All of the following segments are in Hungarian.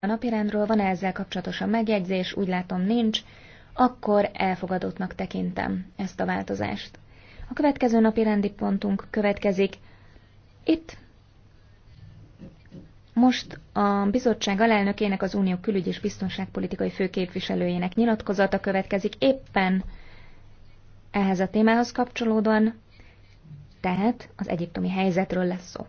a napirendről van-e ezzel kapcsolatosan megjegyzés, úgy látom nincs, akkor elfogadottnak tekintem ezt a változást. A következő napi rendi pontunk következik. Itt most a bizottság alelnökének, az Unió külügy és biztonságpolitikai főképviselőjének nyilatkozata következik éppen ehhez a témához kapcsolódóan, tehát az egyiptomi helyzetről lesz szó.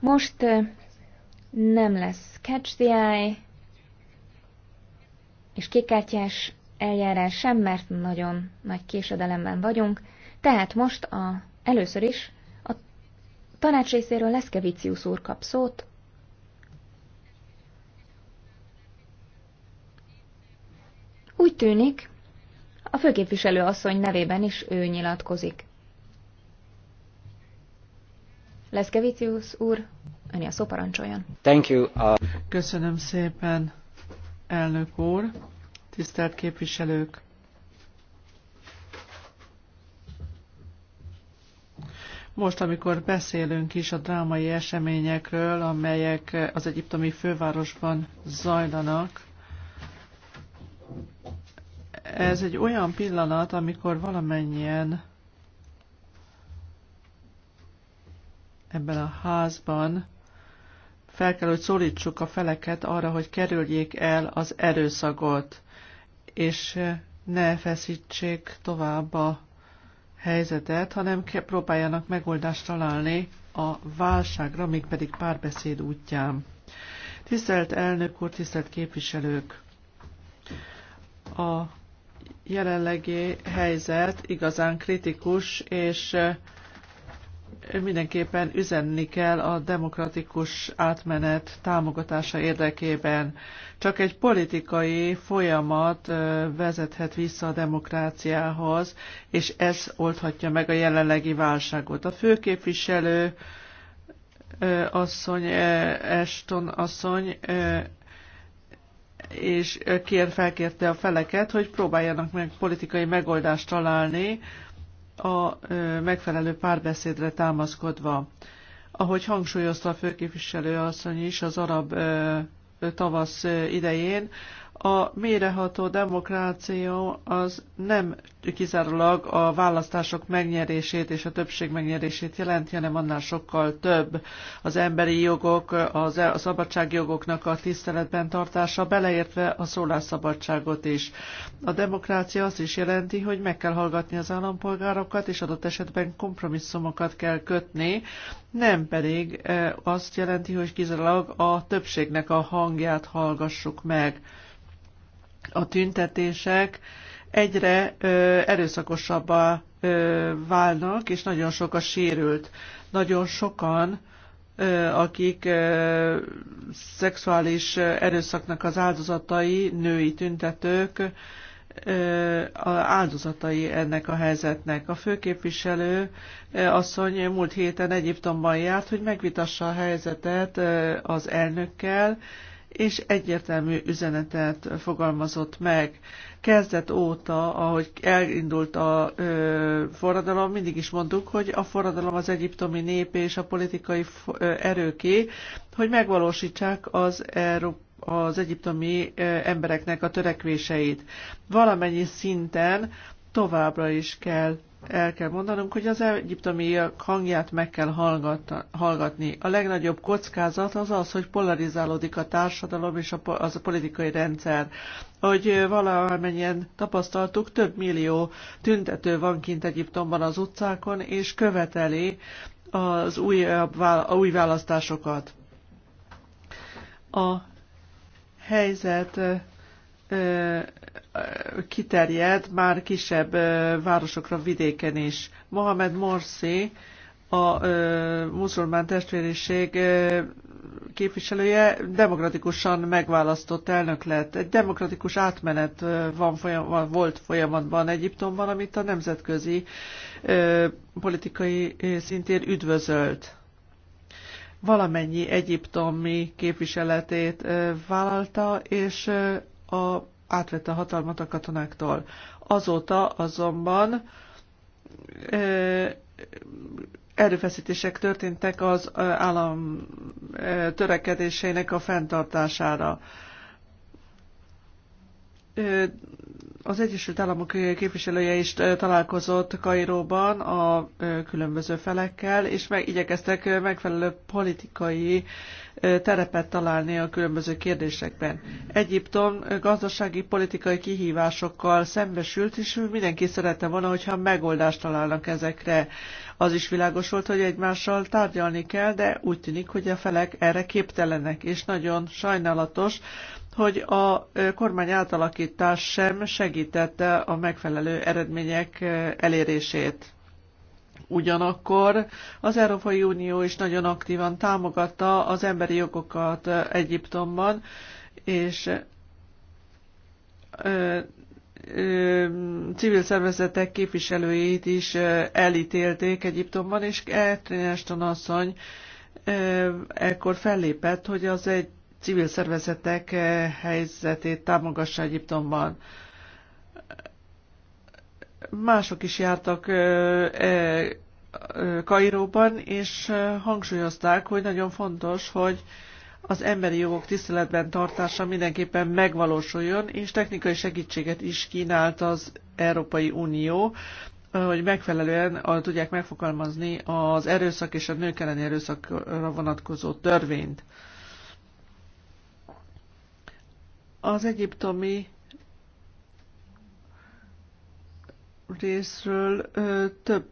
Most nem lesz catch the eye, és kékkártyás eljárás sem, mert nagyon nagy késedelemben vagyunk. Tehát most a, először is a tanács részéről Leszkevicius úr kap szót. Úgy tűnik, a főképviselő asszony nevében is ő nyilatkozik. Leszkevicius úr, öni a szó parancsoljon. Thank you. Uh... Köszönöm szépen, elnök úr, tisztelt képviselők. Most, amikor beszélünk is a drámai eseményekről, amelyek az egyiptomi fővárosban zajlanak, ez egy olyan pillanat, amikor valamennyien ebben a házban fel kell, hogy szólítsuk a feleket arra, hogy kerüljék el az erőszakot, és ne feszítsék tovább a helyzetet, hanem próbáljanak megoldást találni a válságra, mégpedig párbeszéd útján. Tisztelt elnök úr, tisztelt képviselők! A jelenlegi helyzet igazán kritikus, és mindenképpen üzenni kell a demokratikus átmenet támogatása érdekében. Csak egy politikai folyamat vezethet vissza a demokráciához, és ez oldhatja meg a jelenlegi válságot. A főképviselő asszony, Eston asszony és kér, felkérte a feleket, hogy próbáljanak meg politikai megoldást találni a megfelelő párbeszédre támaszkodva. Ahogy hangsúlyozta a főképviselő asszony is az arab tavasz idején, a méreható demokrácia az nem kizárólag a választások megnyerését és a többség megnyerését jelenti, hanem annál sokkal több. Az emberi jogok, az, e- a szabadságjogoknak a tiszteletben tartása, beleértve a szólásszabadságot is. A demokrácia azt is jelenti, hogy meg kell hallgatni az állampolgárokat, és adott esetben kompromisszumokat kell kötni, nem pedig e, azt jelenti, hogy kizárólag a többségnek a hangját hallgassuk meg a tüntetések egyre ö, erőszakosabbá ö, válnak, és nagyon sok a sérült. Nagyon sokan, ö, akik ö, szexuális erőszaknak az áldozatai, női tüntetők, ö, a áldozatai ennek a helyzetnek. A főképviselő ö, asszony múlt héten Egyiptomban járt, hogy megvitassa a helyzetet ö, az elnökkel, és egyértelmű üzenetet fogalmazott meg. Kezdet óta, ahogy elindult a ö, forradalom, mindig is mondtuk, hogy a forradalom az egyiptomi nép és a politikai ö, erőké, hogy megvalósítsák az Európa az egyiptomi embereknek a törekvéseit. Valamennyi szinten továbbra is kell el kell mondanunk, hogy az egyiptomi hangját meg kell hallgatni. A legnagyobb kockázat az az, hogy polarizálódik a társadalom és a, az a politikai rendszer. Hogy valamennyien tapasztaltuk, több millió tüntető van kint Egyiptomban az utcákon, és követeli az új, új választásokat. A helyzet kiterjed már kisebb városokra, vidéken is. Mohamed Morsi, a ö, muszulmán testvériség képviselője demokratikusan megválasztott elnök lett. Egy demokratikus átmenet van folyam, volt folyamatban Egyiptomban, amit a nemzetközi politikai szintén üdvözölt. Valamennyi egyiptomi képviseletét vállalta, és a, átvette a hatalmat a katonáktól. Azóta azonban erőfeszítések történtek az állam törekedéseinek a fenntartására az Egyesült Államok képviselője is találkozott Kairóban a különböző felekkel, és meg igyekeztek megfelelő politikai terepet találni a különböző kérdésekben. Egyiptom gazdasági, politikai kihívásokkal szembesült, és mindenki szerette volna, hogyha megoldást találnak ezekre. Az is világos volt, hogy egymással tárgyalni kell, de úgy tűnik, hogy a felek erre képtelenek, és nagyon sajnálatos, hogy a kormány átalakítás sem segítette a megfelelő eredmények elérését. Ugyanakkor az Európai Unió is nagyon aktívan támogatta az emberi jogokat Egyiptomban, és civil szervezetek képviselőjét is elítélték Egyiptomban, és Catherine asszony ekkor fellépett, hogy az egy civil szervezetek eh, helyzetét támogassa Egyiptomban mások is jártak eh, eh, Kairóban, és hangsúlyozták, hogy nagyon fontos, hogy az emberi jogok tiszteletben tartása mindenképpen megvalósuljon, és technikai segítséget is kínált az Európai Unió, hogy megfelelően tudják megfogalmazni az erőszak és a nők elleni erőszakra vonatkozó törvényt. Az egyiptomi részről több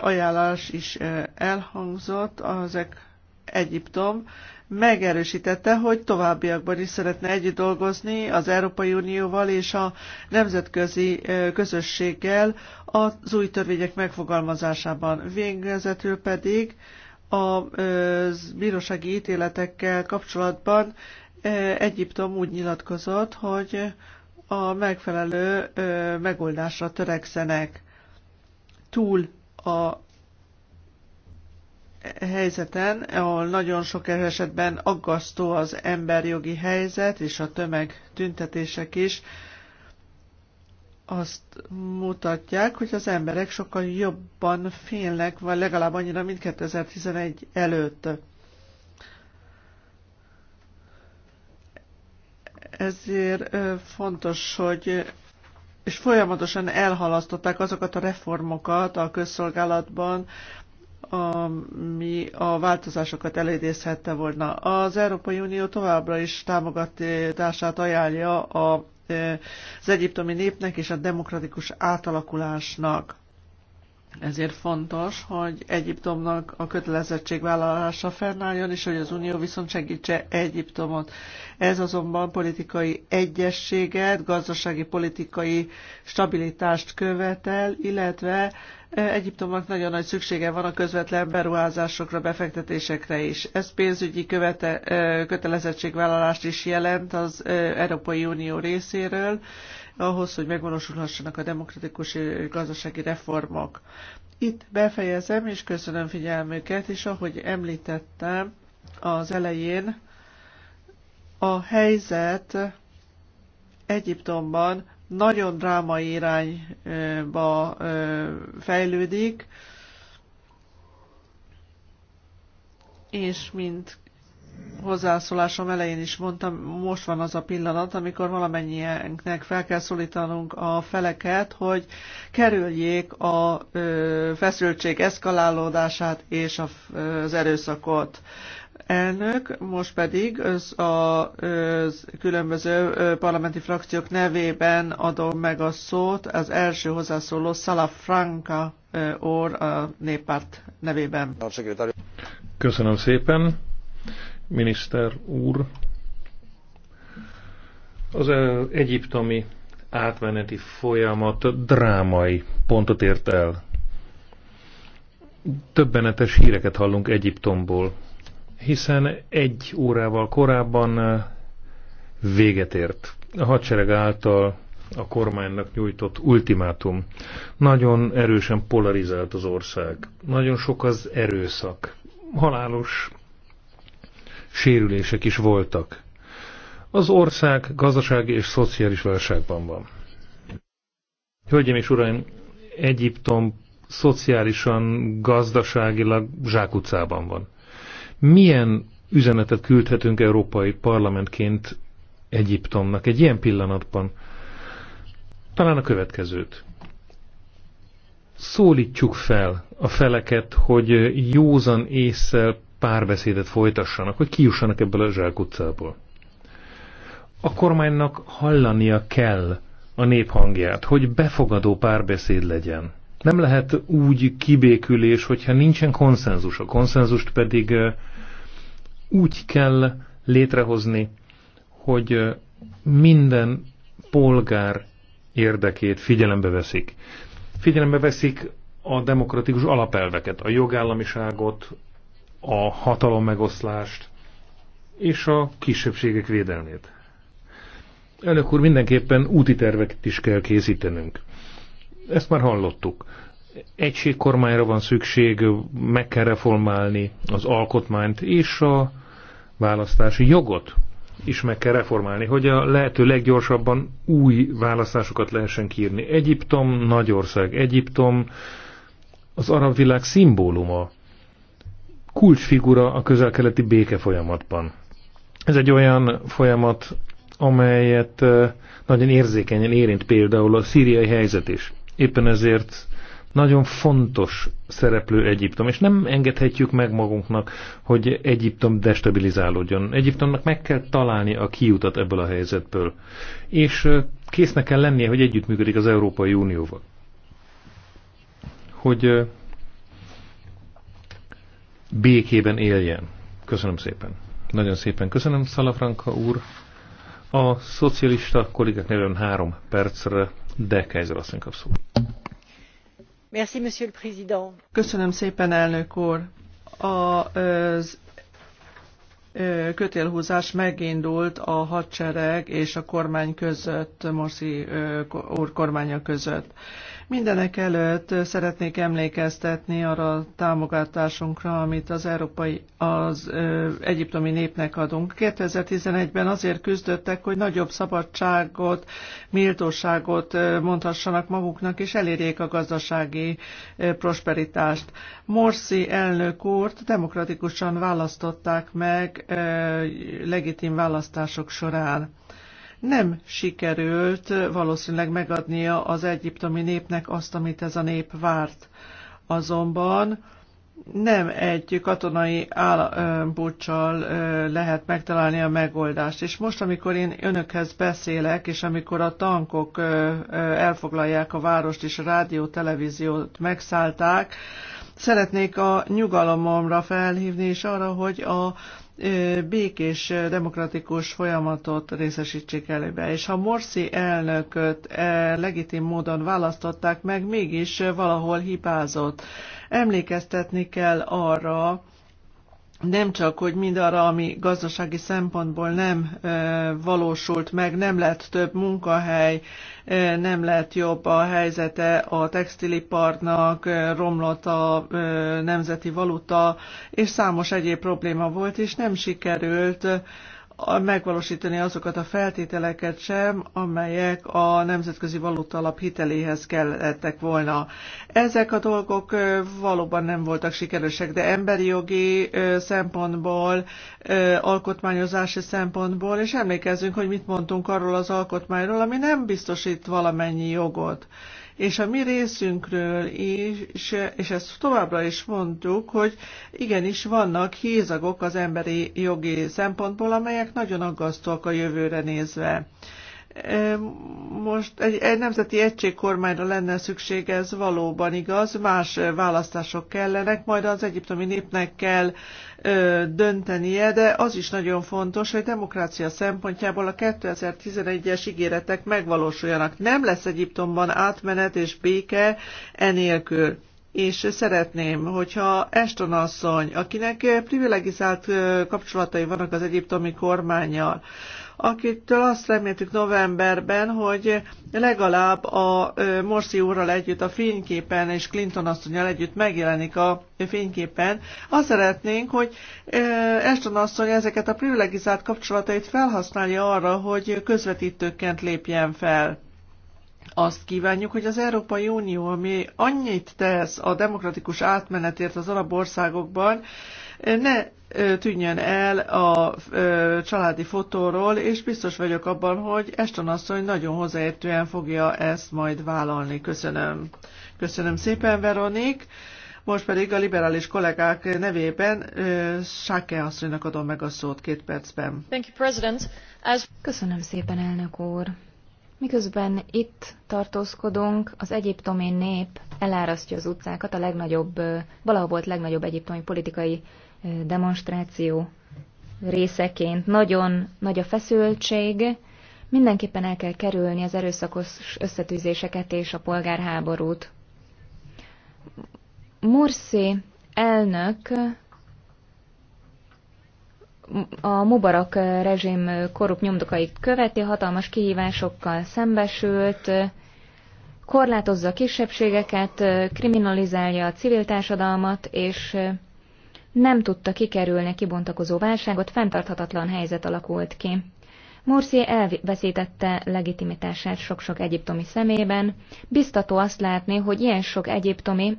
ajánlás is elhangzott, azek Egyiptom megerősítette, hogy továbbiakban is szeretne együtt dolgozni az Európai Unióval és a nemzetközi közösséggel az új törvények megfogalmazásában. Végezetül pedig a bírósági ítéletekkel kapcsolatban Egyiptom úgy nyilatkozott, hogy a megfelelő megoldásra törekszenek túl a helyzeten, ahol nagyon sok esetben aggasztó az emberjogi helyzet és a tömeg tüntetések is, azt mutatják, hogy az emberek sokkal jobban félnek, vagy legalább annyira, mint 2011 előtt. Ezért fontos, hogy és folyamatosan elhalasztották azokat a reformokat a közszolgálatban, ami a változásokat elidézhette volna. Az Európai Unió továbbra is támogatását ajánlja a, az egyiptomi népnek és a demokratikus átalakulásnak. Ezért fontos, hogy Egyiptomnak a kötelezettségvállalása fennálljon, és hogy az Unió viszont segítse Egyiptomot. Ez azonban politikai egyességet, gazdasági politikai stabilitást követel, illetve e, Egyiptomnak nagyon nagy szüksége van a közvetlen beruházásokra, befektetésekre is. Ez pénzügyi követe, e, kötelezettségvállalást is jelent az e, Európai Unió részéről, ahhoz, hogy megvalósulhassanak a demokratikus gazdasági reformok. Itt befejezem, és köszönöm figyelmüket, és ahogy említettem az elején, a helyzet Egyiptomban nagyon drámai irányba fejlődik, és mint hozzászólásom elején is mondtam, most van az a pillanat, amikor valamennyienknek fel kell szólítanunk a feleket, hogy kerüljék a ö, feszültség eszkalálódását és a, az erőszakot elnök, most pedig az a az különböző parlamenti frakciók nevében adom meg a szót az első hozzászóló Szala Franka úr a néppárt nevében. Köszönöm szépen miniszter úr. Az egyiptomi átmeneti folyamat drámai pontot ért el. Többenetes híreket hallunk Egyiptomból, hiszen egy órával korábban véget ért a hadsereg által a kormánynak nyújtott ultimátum. Nagyon erősen polarizált az ország. Nagyon sok az erőszak. Halálos sérülések is voltak. Az ország gazdasági és szociális válságban van. Hölgyeim és uraim, Egyiptom szociálisan, gazdaságilag zsákutcában van. Milyen üzenetet küldhetünk európai parlamentként Egyiptomnak egy ilyen pillanatban? Talán a következőt. Szólítsuk fel a feleket, hogy józan észre párbeszédet folytassanak, hogy kijussanak ebből a zsákutcából. A kormánynak hallania kell a néphangját, hogy befogadó párbeszéd legyen. Nem lehet úgy kibékülés, hogyha nincsen konszenzus. A konszenzust pedig úgy kell létrehozni, hogy minden polgár érdekét figyelembe veszik. Figyelembe veszik a demokratikus alapelveket, a jogállamiságot, a hatalom megoszlást és a kisebbségek védelmét. Elnök úr, mindenképpen úti terveket is kell készítenünk. Ezt már hallottuk. Egységkormányra van szükség, meg kell reformálni az alkotmányt és a választási jogot is meg kell reformálni, hogy a lehető leggyorsabban új választásokat lehessen kírni. Egyiptom, Nagyország, Egyiptom, az arab világ szimbóluma kulcsfigura a közel-keleti béke folyamatban. Ez egy olyan folyamat, amelyet nagyon érzékenyen érint például a szíriai helyzet is. Éppen ezért nagyon fontos szereplő Egyiptom, és nem engedhetjük meg magunknak, hogy Egyiptom destabilizálódjon. Egyiptomnak meg kell találni a kiutat ebből a helyzetből, és késznek kell lennie, hogy együttműködik az Európai Unióval. Hogy békében éljen. Köszönöm szépen. Nagyon szépen köszönöm, Szalafranka úr. A szocialista kollégák nélkül három percre, de Kejzer asszony kap szó. Merci, monsieur le président. Köszönöm szépen, elnök úr. A, az kötélhúzás megindult a hadsereg és a kormány között, Morsi úr kormánya között. Mindenek előtt szeretnék emlékeztetni arra a támogatásunkra, amit az európai, az ö, egyiptomi népnek adunk. 2011-ben azért küzdöttek, hogy nagyobb szabadságot, méltóságot mondhassanak maguknak, és elérjék a gazdasági ö, prosperitást. Morsi elnök úrt demokratikusan választották meg ö, legitim választások során nem sikerült valószínűleg megadnia az egyiptomi népnek azt, amit ez a nép várt. Azonban nem egy katonai állambúcsal lehet megtalálni a megoldást. És most, amikor én önökhez beszélek, és amikor a tankok elfoglalják a várost, és a rádió, televíziót megszállták, szeretnék a nyugalomomra felhívni, és arra, hogy a békés, demokratikus folyamatot részesítsék előbe. És ha Morsi elnököt legitim módon választották meg, mégis valahol hibázott. Emlékeztetni kell arra, nem csak, hogy mindarra, ami gazdasági szempontból nem valósult meg, nem lett több munkahely, nem lett jobb a helyzete a textiliparnak, romlott a nemzeti valuta, és számos egyéb probléma volt, és nem sikerült megvalósítani azokat a feltételeket sem, amelyek a Nemzetközi Valutalap hiteléhez kellettek volna. Ezek a dolgok valóban nem voltak sikeresek, de emberi jogi szempontból, alkotmányozási szempontból, és emlékezzünk, hogy mit mondtunk arról az alkotmányról, ami nem biztosít valamennyi jogot. És a mi részünkről is, és ezt továbbra is mondtuk, hogy igenis vannak hézagok az emberi jogi szempontból, amelyek nagyon aggasztóak a jövőre nézve most egy, egy nemzeti egységkormányra lenne szükség, ez valóban igaz, más választások kellenek, majd az egyiptomi népnek kell ö, döntenie, de az is nagyon fontos, hogy demokrácia szempontjából a 2011-es ígéretek megvalósuljanak. Nem lesz Egyiptomban átmenet és béke enélkül és szeretném, hogyha Eston asszony, akinek privilegizált kapcsolatai vannak az egyiptomi kormányjal, akiktől azt reméltük novemberben, hogy legalább a Morsi úrral együtt a fényképen és Clinton asszonyal együtt megjelenik a fényképen. Azt szeretnénk, hogy Eston asszony ezeket a privilegizált kapcsolatait felhasználja arra, hogy közvetítőként lépjen fel. Azt kívánjuk, hogy az Európai Unió, ami annyit tesz a demokratikus átmenetért az arab országokban, ne tűnjön el a családi fotóról, és biztos vagyok abban, hogy Eston asszony nagyon hozzáértően fogja ezt majd vállalni. Köszönöm. Köszönöm szépen, Veronik. Most pedig a liberális kollégák nevében Sáke asszonynak adom meg a szót két percben. Thank you, President. As... Köszönöm szépen, elnök úr. Miközben itt tartózkodunk, az egyiptomi nép elárasztja az utcákat, a legnagyobb, valahol volt legnagyobb egyiptomi politikai demonstráció részeként. Nagyon nagy a feszültség, mindenképpen el kell kerülni az erőszakos összetűzéseket és a polgárháborút. Mursi elnök a Mubarak rezsim korrupt nyomdokait követi, hatalmas kihívásokkal szembesült, korlátozza a kisebbségeket, kriminalizálja a civil társadalmat, és nem tudta kikerülni a kibontakozó válságot, fenntarthatatlan helyzet alakult ki. Morsi elveszítette legitimitását sok-sok egyiptomi szemében. Biztató azt látni, hogy ilyen sok egyiptomi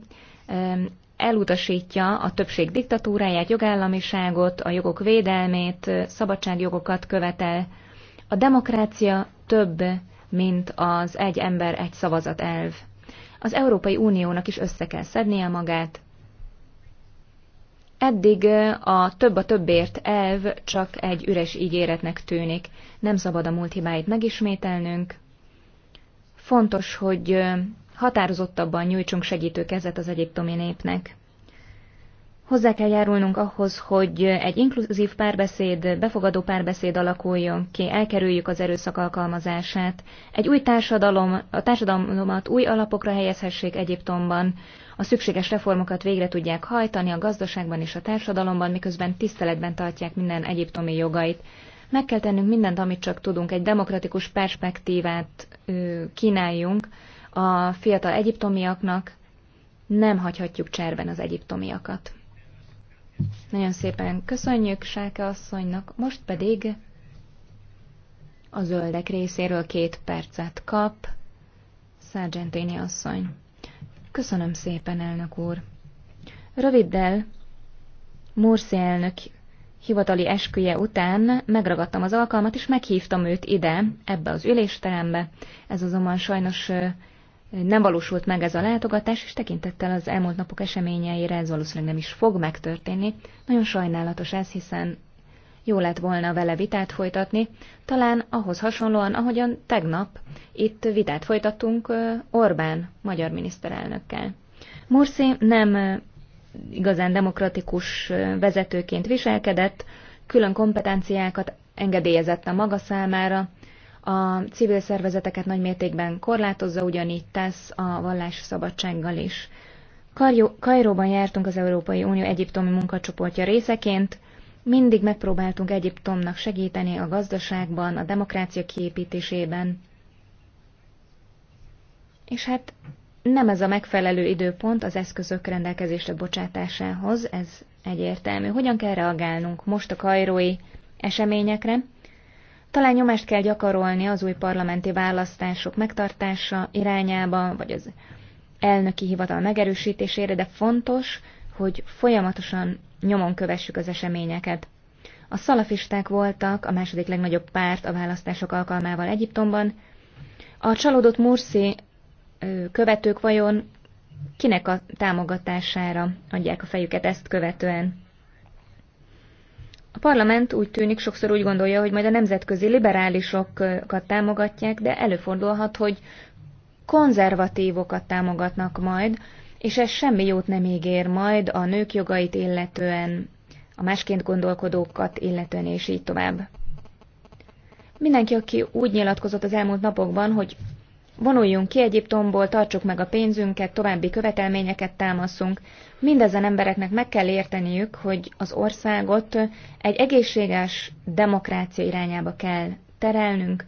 elutasítja a többség diktatúráját, jogállamiságot, a jogok védelmét, szabadságjogokat követel. A demokrácia több, mint az egy ember, egy szavazat elv. Az Európai Uniónak is össze kell szednie magát, Eddig a több a többért elv csak egy üres ígéretnek tűnik. Nem szabad a múlt hibáit megismételnünk. Fontos, hogy határozottabban nyújtsunk segítő kezet az egyiptomi népnek. Hozzá kell járulnunk ahhoz, hogy egy inkluzív párbeszéd, befogadó párbeszéd alakuljon ki, elkerüljük az erőszak alkalmazását. Egy új társadalom, a társadalmat új alapokra helyezhessék Egyiptomban, a szükséges reformokat végre tudják hajtani a gazdaságban és a társadalomban, miközben tiszteletben tartják minden egyiptomi jogait. Meg kell tennünk mindent, amit csak tudunk, egy demokratikus perspektívát kínáljunk a fiatal egyiptomiaknak, nem hagyhatjuk cserben az egyiptomiakat. Nagyon szépen köszönjük Sáke asszonynak, most pedig a zöldek részéről két percet kap Sargentini asszony. Köszönöm szépen, elnök úr. Röviddel Morsi elnök hivatali esküje után megragadtam az alkalmat, és meghívtam őt ide, ebbe az ülésterembe. Ez azonban sajnos nem valósult meg ez a látogatás, és tekintettel az elmúlt napok eseményeire ez valószínűleg nem is fog megtörténni. Nagyon sajnálatos ez, hiszen jó lett volna vele vitát folytatni, talán ahhoz hasonlóan, ahogyan tegnap itt vitát folytattunk Orbán magyar miniszterelnökkel. Morsi nem igazán demokratikus vezetőként viselkedett, külön kompetenciákat engedélyezett a maga számára, a civil szervezeteket nagymértékben korlátozza, ugyanígy tesz a vallás szabadsággal is. Kajróban jártunk az Európai Unió egyiptomi munkacsoportja részeként, mindig megpróbáltunk Egyiptomnak segíteni a gazdaságban, a demokrácia kiépítésében. És hát nem ez a megfelelő időpont az eszközök rendelkezésre bocsátásához, ez egyértelmű. Hogyan kell reagálnunk most a kairói eseményekre? Talán nyomást kell gyakorolni az új parlamenti választások megtartása irányába, vagy az elnöki hivatal megerősítésére, de fontos, hogy folyamatosan nyomon kövessük az eseményeket. A szalafisták voltak a második legnagyobb párt a választások alkalmával Egyiptomban. A csalódott Mursi követők vajon kinek a támogatására adják a fejüket ezt követően? A parlament úgy tűnik, sokszor úgy gondolja, hogy majd a nemzetközi liberálisokat támogatják, de előfordulhat, hogy konzervatívokat támogatnak majd, és ez semmi jót nem ígér majd a nők jogait illetően, a másként gondolkodókat illetően, és így tovább. Mindenki, aki úgy nyilatkozott az elmúlt napokban, hogy vonuljunk ki Egyiptomból, tartsuk meg a pénzünket, további követelményeket támaszunk, mindezen embereknek meg kell érteniük, hogy az országot egy egészséges demokrácia irányába kell terelnünk,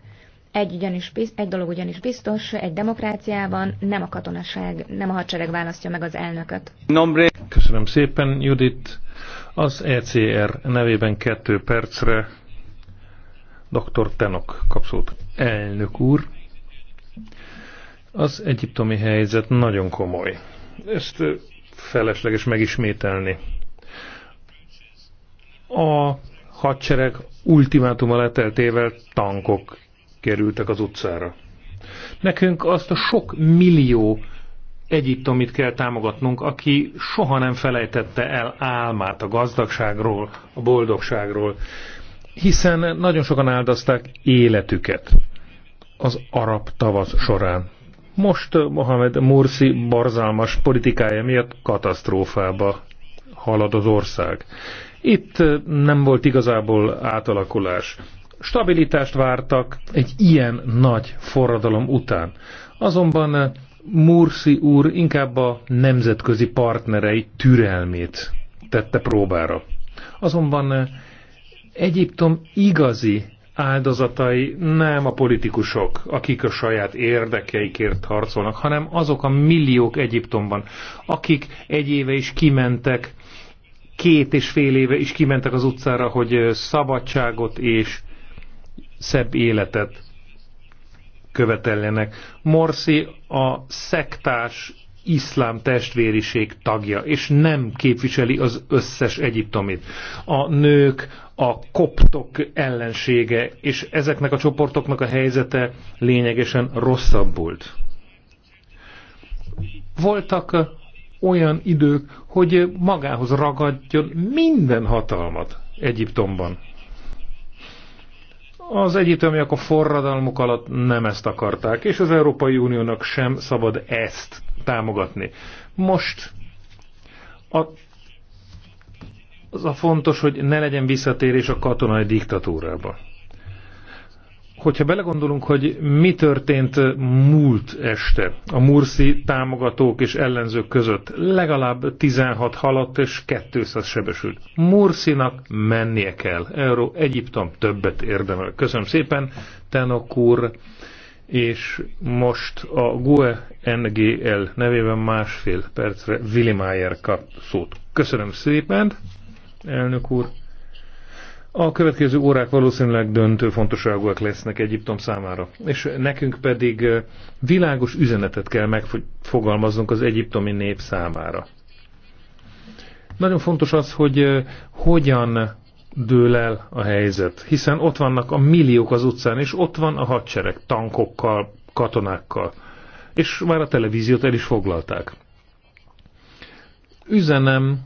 egy, ugyanis, egy dolog ugyanis biztos, egy demokráciában nem a katonaság, nem a hadsereg választja meg az elnököt. Köszönöm szépen, Judit. Az ECR nevében kettő percre dr. Tenok kapszót. Elnök úr, az egyiptomi helyzet nagyon komoly. Ezt felesleges megismételni. A hadsereg ultimátuma leteltével tankok kerültek az utcára. Nekünk azt a sok millió Egyiptomit kell támogatnunk, aki soha nem felejtette el álmát a gazdagságról, a boldogságról, hiszen nagyon sokan áldozták életüket az arab tavasz során. Most Mohamed Mursi barzalmas politikája miatt katasztrófába halad az ország. Itt nem volt igazából átalakulás stabilitást vártak egy ilyen nagy forradalom után. Azonban eh, Mursi úr inkább a nemzetközi partnerei türelmét tette próbára. Azonban eh, Egyiptom igazi áldozatai nem a politikusok, akik a saját érdekeikért harcolnak, hanem azok a milliók Egyiptomban, akik egy éve is kimentek, két és fél éve is kimentek az utcára, hogy eh, szabadságot és szebb életet követeljenek. Morsi a szektás iszlám testvériség tagja, és nem képviseli az összes egyiptomit. A nők, a koptok ellensége, és ezeknek a csoportoknak a helyzete lényegesen rosszabbult. Voltak olyan idők, hogy magához ragadjon minden hatalmat Egyiptomban. Az egyiptomiak a forradalmuk alatt nem ezt akarták, és az Európai Uniónak sem szabad ezt támogatni. Most a, az a fontos, hogy ne legyen visszatérés a katonai diktatúrába hogyha belegondolunk, hogy mi történt múlt este a Mursi támogatók és ellenzők között, legalább 16 halott és 200 sebesült. Mursinak mennie kell. Euró Egyiptom többet érdemel. Köszönöm szépen, Tenok úr, és most a GUE NGL nevében másfél percre Willi Mayer kap szót. Köszönöm szépen, elnök úr. A következő órák valószínűleg döntő fontosságúak lesznek Egyiptom számára, és nekünk pedig világos üzenetet kell megfogalmaznunk az egyiptomi nép számára. Nagyon fontos az, hogy hogyan dől el a helyzet, hiszen ott vannak a milliók az utcán, és ott van a hadsereg tankokkal, katonákkal, és már a televíziót el is foglalták. Üzenem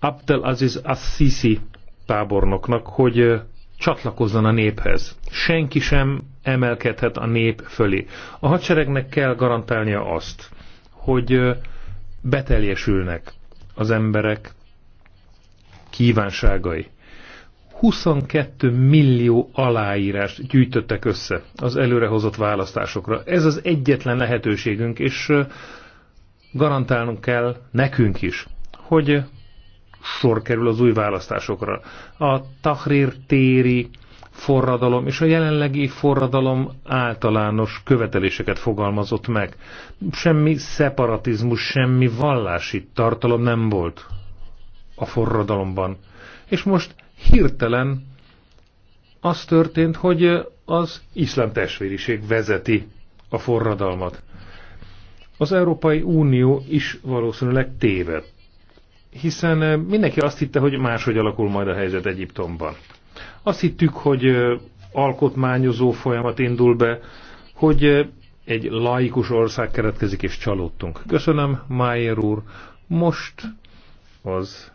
Abdel Aziz Assisi tábornoknak, hogy csatlakozzon a néphez. Senki sem emelkedhet a nép fölé. A hadseregnek kell garantálnia azt, hogy beteljesülnek az emberek kívánságai. 22 millió aláírást gyűjtöttek össze az előrehozott választásokra. Ez az egyetlen lehetőségünk, és garantálnunk kell nekünk is, hogy sor kerül az új választásokra. A Tahrir téri forradalom és a jelenlegi forradalom általános követeléseket fogalmazott meg. Semmi szeparatizmus, semmi vallási tartalom nem volt a forradalomban. És most hirtelen az történt, hogy az iszlám testvériség vezeti a forradalmat. Az Európai Unió is valószínűleg tévedt hiszen eh, mindenki azt hitte, hogy máshogy alakul majd a helyzet Egyiptomban. Azt hittük, hogy eh, alkotmányozó folyamat indul be, hogy eh, egy laikus ország keretkezik, és csalódtunk. Köszönöm, Mayer úr. Most az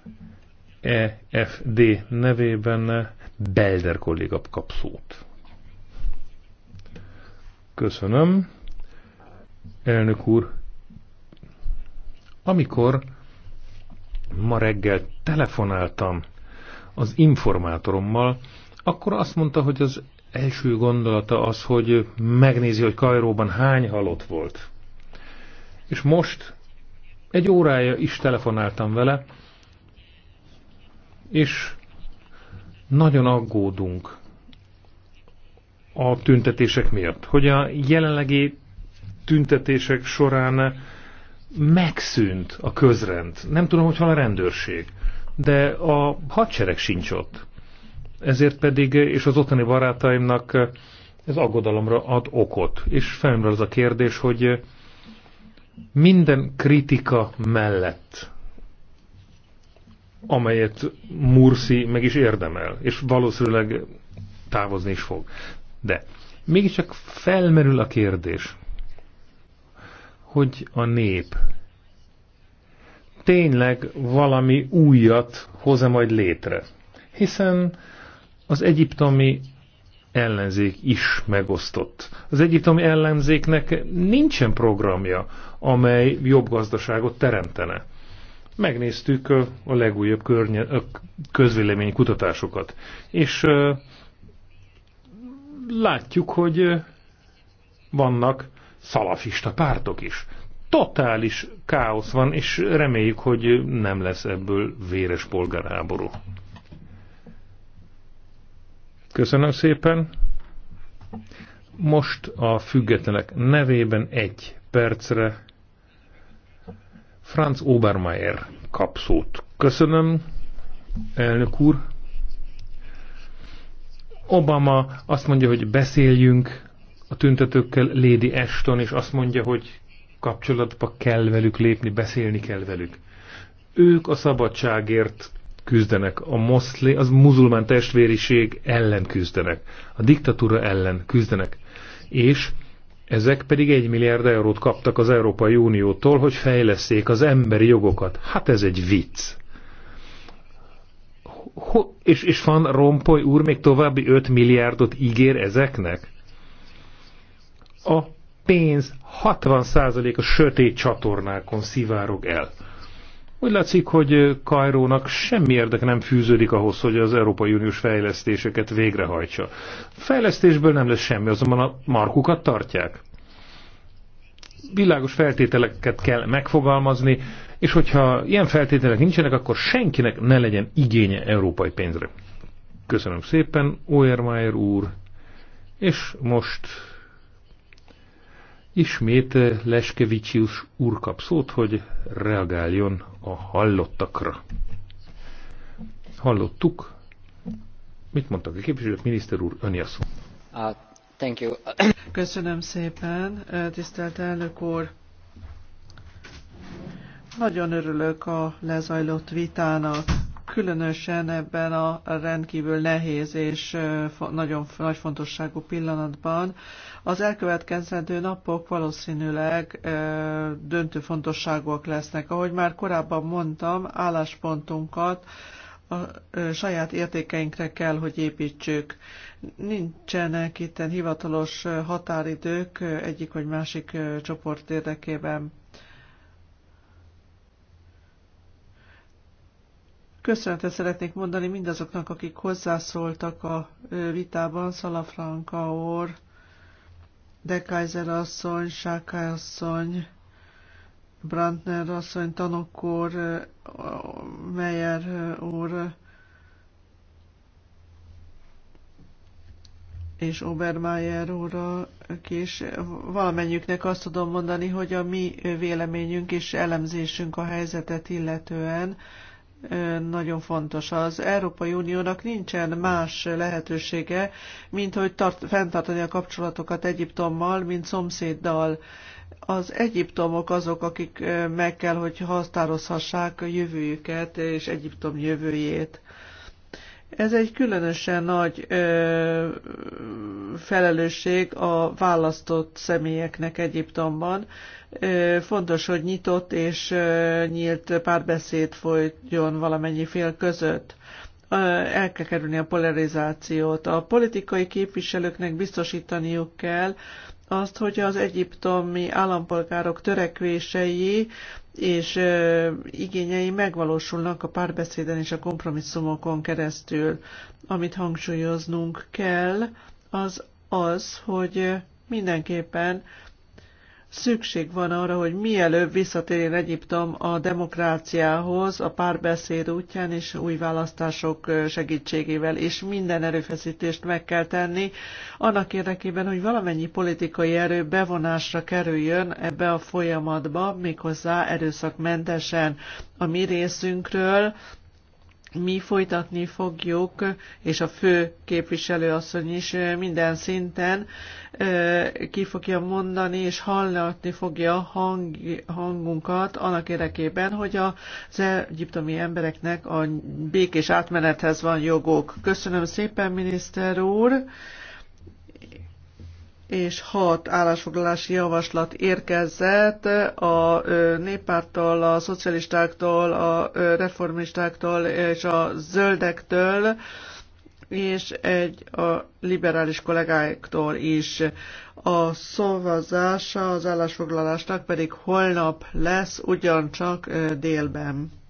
EFD nevében Belder kolléga kap szót. Köszönöm. Elnök úr, amikor ma reggel telefonáltam az informátorommal, akkor azt mondta, hogy az első gondolata az, hogy megnézi, hogy Kajróban hány halott volt. És most egy órája is telefonáltam vele, és nagyon aggódunk a tüntetések miatt, hogy a jelenlegi tüntetések során megszűnt a közrend. Nem tudom, hogy hol a rendőrség. De a hadsereg sincs ott. Ezért pedig, és az ottani barátaimnak ez aggodalomra ad okot. És felmerül az a kérdés, hogy minden kritika mellett, amelyet Mursi meg is érdemel, és valószínűleg távozni is fog. De mégiscsak felmerül a kérdés, hogy a nép tényleg valami újat hoz -e majd létre. Hiszen az egyiptomi ellenzék is megosztott. Az egyiptomi ellenzéknek nincsen programja, amely jobb gazdaságot teremtene. Megnéztük a legújabb környe, közvélemény kutatásokat, és látjuk, hogy vannak szalafista pártok is. Totális káosz van, és reméljük, hogy nem lesz ebből véres polgárháború. Köszönöm szépen. Most a függetlenek nevében egy percre Franz Obermeier kap szót. Köszönöm, elnök úr. Obama azt mondja, hogy beszéljünk, a tüntetőkkel Lady Ashton, és azt mondja, hogy kapcsolatba kell velük lépni, beszélni kell velük. Ők a szabadságért küzdenek, a moszli, az muzulmán testvériség ellen küzdenek, a diktatúra ellen küzdenek, és ezek pedig egy milliárd eurót kaptak az Európai Uniótól, hogy fejleszék az emberi jogokat. Hát ez egy vicc. Ho, és, és Van Rompuy úr még további 5 milliárdot ígér ezeknek? a pénz 60%-a sötét csatornákon szivárog el. Úgy látszik, hogy Kairónak semmi érdek nem fűződik ahhoz, hogy az Európai Uniós fejlesztéseket végrehajtsa. Fejlesztésből nem lesz semmi, azonban a markukat tartják. Világos feltételeket kell megfogalmazni, és hogyha ilyen feltételek nincsenek, akkor senkinek ne legyen igénye európai pénzre. Köszönöm szépen, Oermeyer úr, és most Ismét eh, Leskevicius úr kap szót, hogy reagáljon a hallottakra. Hallottuk. Mit mondtak a képviselők? Miniszter úr, ön szó. Uh, thank you. Köszönöm szépen, eh, tisztelt elnök úr. Nagyon örülök a lezajlott vitának, különösen ebben a rendkívül nehéz és eh, nagyon nagy fontosságú pillanatban, az elkövetkezendő napok valószínűleg döntő fontosságúak lesznek. Ahogy már korábban mondtam, álláspontunkat a saját értékeinkre kell, hogy építsük. Nincsenek itten hivatalos határidők egyik vagy másik csoport érdekében. Köszönetet szeretnék mondani mindazoknak, akik hozzászóltak a vitában, Szalafranka úr, de Kaiser asszony, Sáka asszony, Brandner asszony, Tanok úr, Meyer úr, és Obermeier úr, és valamennyüknek azt tudom mondani, hogy a mi véleményünk és elemzésünk a helyzetet illetően, nagyon fontos. Az Európai Uniónak nincsen más lehetősége, mint hogy tart, fenntartani a kapcsolatokat Egyiptommal, mint szomszéddal. Az egyiptomok azok, akik meg kell, hogy határozhassák a jövőjüket és Egyiptom jövőjét. Ez egy különösen nagy ö, felelősség a választott személyeknek Egyiptomban. Ö, fontos, hogy nyitott és ö, nyílt párbeszéd folyjon valamennyi fél között el kell kerülni a polarizációt. A politikai képviselőknek biztosítaniuk kell, azt, hogy az egyiptomi állampolgárok törekvései és ö, igényei megvalósulnak a párbeszéden és a kompromisszumokon keresztül. Amit hangsúlyoznunk kell, az az, hogy mindenképpen szükség van arra, hogy mielőbb visszatérjen Egyiptom a demokráciához, a párbeszéd útján és új választások segítségével, és minden erőfeszítést meg kell tenni, annak érdekében, hogy valamennyi politikai erő bevonásra kerüljön ebbe a folyamatba, méghozzá erőszakmentesen a mi részünkről, mi folytatni fogjuk, és a fő képviselőasszony is minden szinten ki fogja mondani, és hallatni fogja hang, hangunkat annak érdekében, hogy az egyiptomi embereknek a békés átmenethez van jogok. Köszönöm szépen, miniszter úr! és hat állásfoglalási javaslat érkezett a néppárttól, a szocialistáktól, a reformistáktól és a zöldektől, és egy a liberális kollégáktól is. A szavazása az állásfoglalásnak pedig holnap lesz, ugyancsak délben.